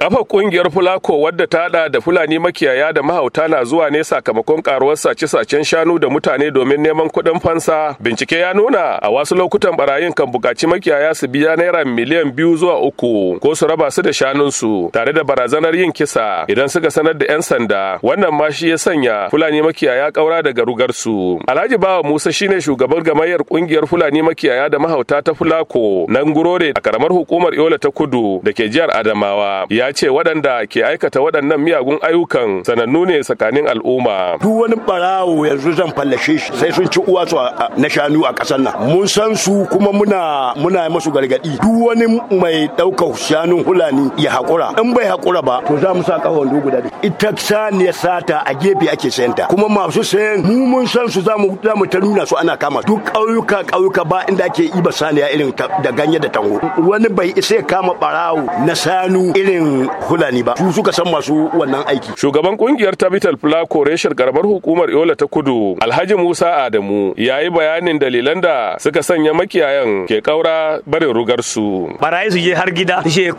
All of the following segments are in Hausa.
Kafa kungiyar Fulako wadda ta hada da Fulani makiyaya da mahauta na zuwa ne sakamakon karuwar sace-sacen shanu da mutane domin neman kuɗin fansa. Bincike ya nuna a wasu lokutan barayin kan bukaci makiyaya su biya naira miliyan biyu zuwa uku ko su raba su da shanunsu tare da barazanar yin kisa idan suka sanar da 'yan sanda. Wannan ma shi ya sanya Fulani makiyaya kaura daga rugarsu. Alhaji Bawa Musa shine shugaban gamayyar kungiyar Fulani makiyaya da mahauta ta Fulako nan gurore a karamar hukumar Yola ta Kudu da ke jihar Adamawa. Ya ce waɗanda ke aikata waɗannan miyagun ayyukan sanannu ne tsakanin al'umma. Duk wani barawo yanzu zan fallashe shi sai sun ci uwa su na shanu a ƙasar nan. Mun san su kuma muna muna masu gargaɗi. Duk wani mai ɗaukar shanun hulani ya haƙura. In bai haƙura ba to za mu sa ƙahon wando guda Ita saniya sata a gefe ake sayan ta. Kuma masu sayan mu mun san su za mu ta nuna su ana kama. Duk ƙauyuka ƙauyuka ba inda ake iba saniya irin da ganye da tango. Wani bai isa ya kama barawo na sanu irin mutanen ba su suka san masu wannan aiki shugaban kungiyar Tabital Fulako reshar garbar hukumar Yola ta Kudu Alhaji Musa Adamu ya yi bayanin dalilan da suka sanya makiyayan ke kaura barin rugar su barayi su je har gida su ce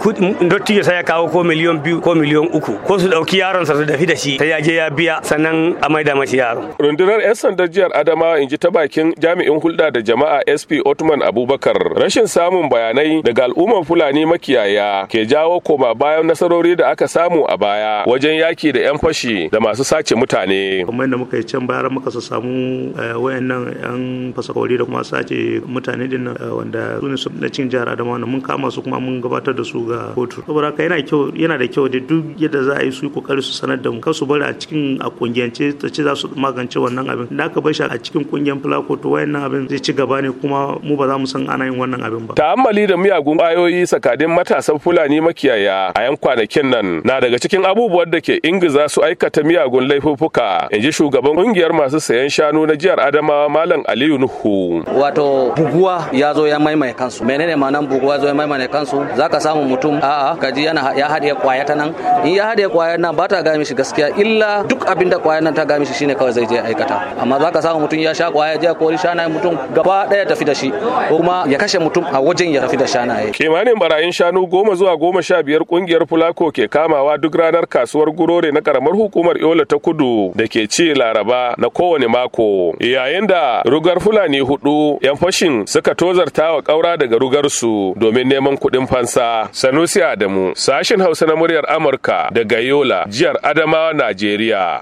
dotti ya saya kawo ko miliyon biyu ko miliyon uku ko su dauki yaron sa su dafi da shi ta ya je ya biya sannan a maida mashi yaro. rundunar 'yan sandar jihar adama in ji ta bakin jami'in hulɗa da jama'a SP Otman Abubakar rashin samun bayanai daga al'ummar Fulani makiyaya ke jawo koma bayan nasarori da aka samu a baya wajen yaki da 'yan fashi da masu sace mutane. Kamar da muka yi can bayar muka su samu eh, nan 'yan fasakori da kuma sace mutane din nan eh, wanda su ne na cin jihar Adamawa mun kama su kuma mun gabatar da su ga kotu. Saboda haka yana kyau yana da kyau da duk yadda za a yi su kokari su sanar da mu kar su bari a cikin a kungiyance ta ce za su magance wannan abin. Da aka bar shi a cikin kungiyar fulako to nan abin zai ci gaba ne kuma mu ba za mu san ana yin wannan abin ba. Ta'ammali da miyagun ƙwayoyi tsakanin matasan Fulani makiyaya a yankunan kwanakin nan na daga cikin abubuwan da ke ingiza su aikata miyagun laifuffuka in ji shugaban kungiyar masu sayan shanu na jihar adamawa malam aliyu nuhu wato buguwa ya zo ya maimaye kansu menene ma'anan buguwa zo ya maimaye kansu zaka samu mutum a'a kaji yana ya haɗe kwaya ta nan in ya haɗe kwaya nan ba ta ga mishi gaskiya illa duk abin da kwaya nan ta ga mishi shine kawai zai je aikata amma zaka samu mutum ya sha kwaya ya kori shanaye mutum gaba daya tafi da shi ko kuma ya kashe mutum a wajen ya tafi da shanaye kimanin barayin shanu goma zuwa goma sha biyar kungiyar fulako ke kamawa duk ranar kasuwar gurore na karamar hukumar yola ta kudu da ke ci laraba na kowane mako yayin da rugar fulani hudu yan fashin suka tozarta wa kaura daga rugarsu domin neman kuɗin fansa sanusi adamu sashin hausa na muryar amurka daga yola jihar adamawa najeriya